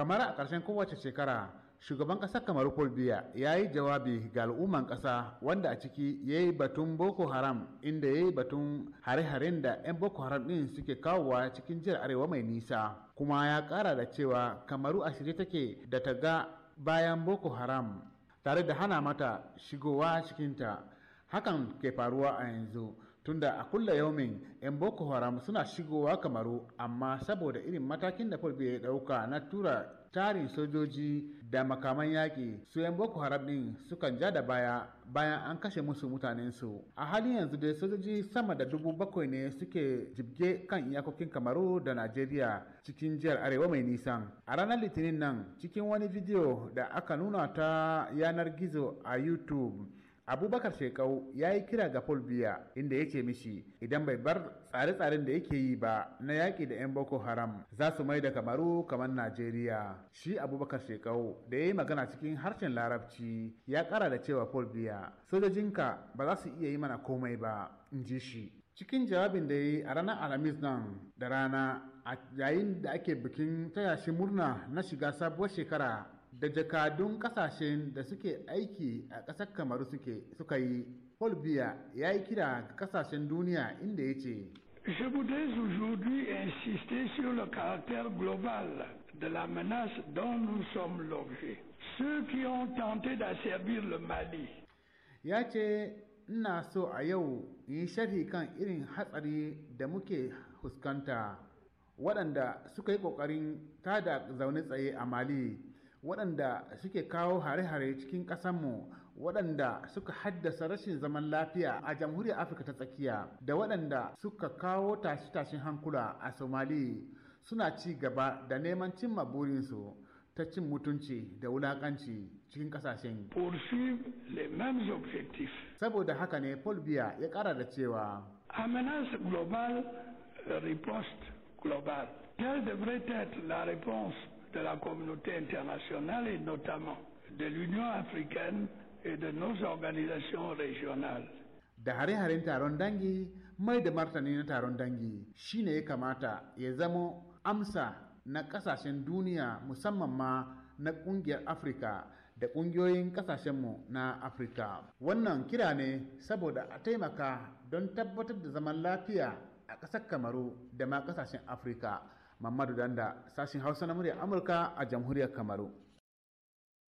kamar a ƙarshen kowace shekara shugaban ƙasa kamar paul ya yi jawabi ga al'umman ƙasa wanda a ciki ya yi batun boko haram inda ya yi batun hare-haren da 'yan boko haram ɗin suke kawowa cikin jihar arewa mai nisa kuma ya ƙara da cewa kamaru a shirye take da ta ga bayan boko haram tare da hana mata shigowa cikinta hakan ke faruwa a yanzu tunda a kulla yaumin 'yan boko haram suna shigowa kamaru amma saboda irin matakin da fulbe ya dauka na tura tarin sojoji da makaman yaƙi su 'yan boko haram ɗin sukan ja da baya bayan an kashe musu mutanensu a halin yanzu dai sojoji sama da dubu bakwai ne suke jibge kan iyakokin kamaru da najeriya cikin jihar arewa mai nisan a ranar litinin nan cikin wani bidiyo da aka nuna ta yanar gizo a youtube abubakar shekau ya yi kira ga paul biya inda ya ce mishi idan bai bar tsare-tsaren da yake yi ba na yaƙi da 'yan boko haram za su mai da kamaru kamar najeriya shi abubakar shekau da ya yi magana cikin harshen larabci ya ƙara da cewa paul biya sojojinka ba za su iya yi mana komai ba in ji shi cikin jawabin da ya yi a ranar alhamis nan da rana a yayin da ake bikin taya murna na shiga sabuwar shekara da jakadun kasashen da suke aiki a ƙasar kamaru suka yi paul biya ya yi kira ga kasashen duniya inda ya ce Je aujourd'hui insister sur le caractère global de la menace dont nous sommes l'objet. Ceux qui ont tenté d'asservir le Mali. Ya ce, ina so a yau yi sharhi kan irin hatsari da muke fuskanta waɗanda suka yi ƙoƙarin tada zaune tsaye a Mali waɗanda suke kawo hare-hare cikin ƙasanmu waɗanda suka haddasa rashin zaman lafiya a jamhuriyar afirka ta tsakiya da waɗanda suka kawo tashe-tashen hankula a somali suna ci gaba da neman cimma burinsu ta cin mutunci da wulaƙanci cikin ƙasashen Saboda haka ne Paul Biya ya ƙara da cewa. global global. de la communauté internationale et notamment de l'Union africaine et de nos organisations régionales. Da hare-haren taron dangi mai da martani na taron dangi shine ya kamata ya zamo amsa na kasashen duniya musamman ma na kungiyar Afirka da kungiyoyin kasashenmu na Afirka. Wannan kira ne saboda a taimaka don tabbatar da zaman lafiya a ƙasar Kamaru da ma kasashen Afirka. mamadu danda sashin hausa na murya amurka a jamhuriyar kamaru